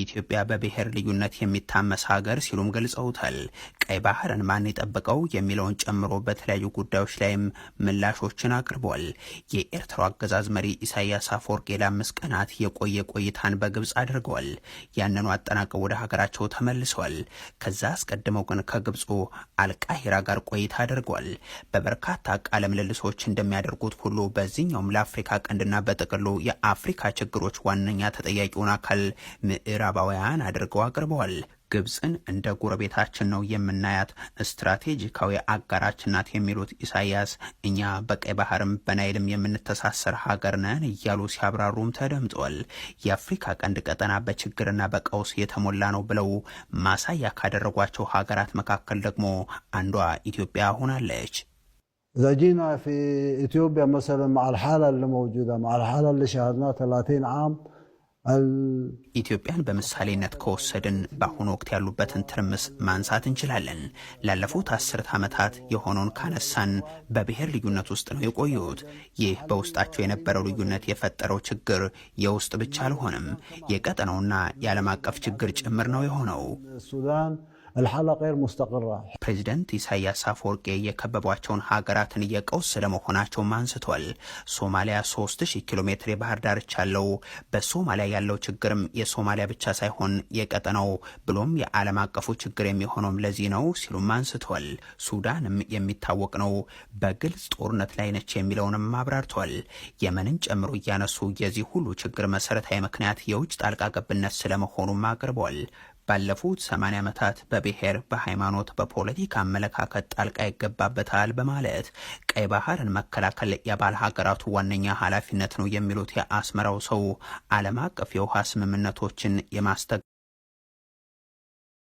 ኢትዮጵያ በብሔር ልዩነት የሚታመስ ሀገር ሲሉም ገልጸውታል። ቀይ ባህርን ማን የጠበቀው የሚለውን ጨምሮ በተለያዩ ጉዳዮች ላይም ምላሾችን አቅርቧል። የኤርትራው አገዛዝ መሪ ኢሳያስ አፈወርቂ ለአምስት ቀናት የቆየ ቆይታን በግብፅ አድርገዋል። ያንኑ አጠናቀው ወደ ሀገራቸው ተመልሰዋል። ከዛ አስቀድመው ግን ከግብፁ አልቃሂራ ጋር ቆይታ አድርገዋል። በበርካታ ቃለ ምልልሶች እንደሚያደርጉት ሁሉ በዚህኛውም ለአፍሪካ ቀንድና በጥቅሉ የአፍሪካ ችግሮች ዋነኛ ተጠያቂውን አካል ምዕራባውያን አድርገው አቅርበዋል። ግብፅን እንደ ጎረቤታችን ነው የምናያት፣ ስትራቴጂካዊ አጋራችን ናት የሚሉት ኢሳያስ እኛ በቀይ ባህርም በናይልም የምንተሳሰር ሀገር ነን እያሉ ሲያብራሩም ተደምጧል። የአፍሪካ ቀንድ ቀጠና በችግርና በቀውስ የተሞላ ነው ብለው ማሳያ ካደረጓቸው ሀገራት መካከል ደግሞ አንዷ ኢትዮጵያ ሆናለች። ዘጂና ፊ ኢትዮጵያ إثيوبيا مثلا مع الحالة اللي موجودة مع ኢትዮጵያን በምሳሌነት ከወሰድን በአሁኑ ወቅት ያሉበትን ትርምስ ማንሳት እንችላለን። ላለፉት አስርት ዓመታት የሆነውን ካነሳን በብሔር ልዩነት ውስጥ ነው የቆዩት። ይህ በውስጣቸው የነበረው ልዩነት የፈጠረው ችግር የውስጥ ብቻ አልሆነም፣ የቀጠናውና የዓለም አቀፍ ችግር ጭምር ነው የሆነው። አልሓላ ፕሬዚደንት ኢሳያስ አፈወርቄ የከበቧቸውን ሀገራትን እየቀውስ ስለመሆናቸውም አንስቷል። ሶማሊያ 3000 ኪሎ ሜትር የባህር ዳርቻ አለው። በሶማሊያ ያለው ችግርም የሶማሊያ ብቻ ሳይሆን የቀጠናው ብሎም የዓለም አቀፉ ችግር የሚሆነውም ለዚህ ነው ሲሉም አንስቷል። ሱዳንም የሚታወቅ ነው፣ በግልጽ ጦርነት ላይ ነች የሚለውንም አብራርቷል። የመንን ጨምሮ እያነሱ የዚህ ሁሉ ችግር መሰረታዊ ምክንያት የውጭ ጣልቃ ገብነት ስለመሆኑም አቅርቧል። ባለፉት 80 ዓመታት በብሔር በሃይማኖት፣ በፖለቲካ አመለካከት ጣልቃ ይገባበታል በማለት ቀይ ባህርን መከላከል የባል ሀገራቱ ዋነኛ ኃላፊነት ነው የሚሉት የአስመራው ሰው ዓለም አቀፍ የውሃ ስምምነቶችን የማስተ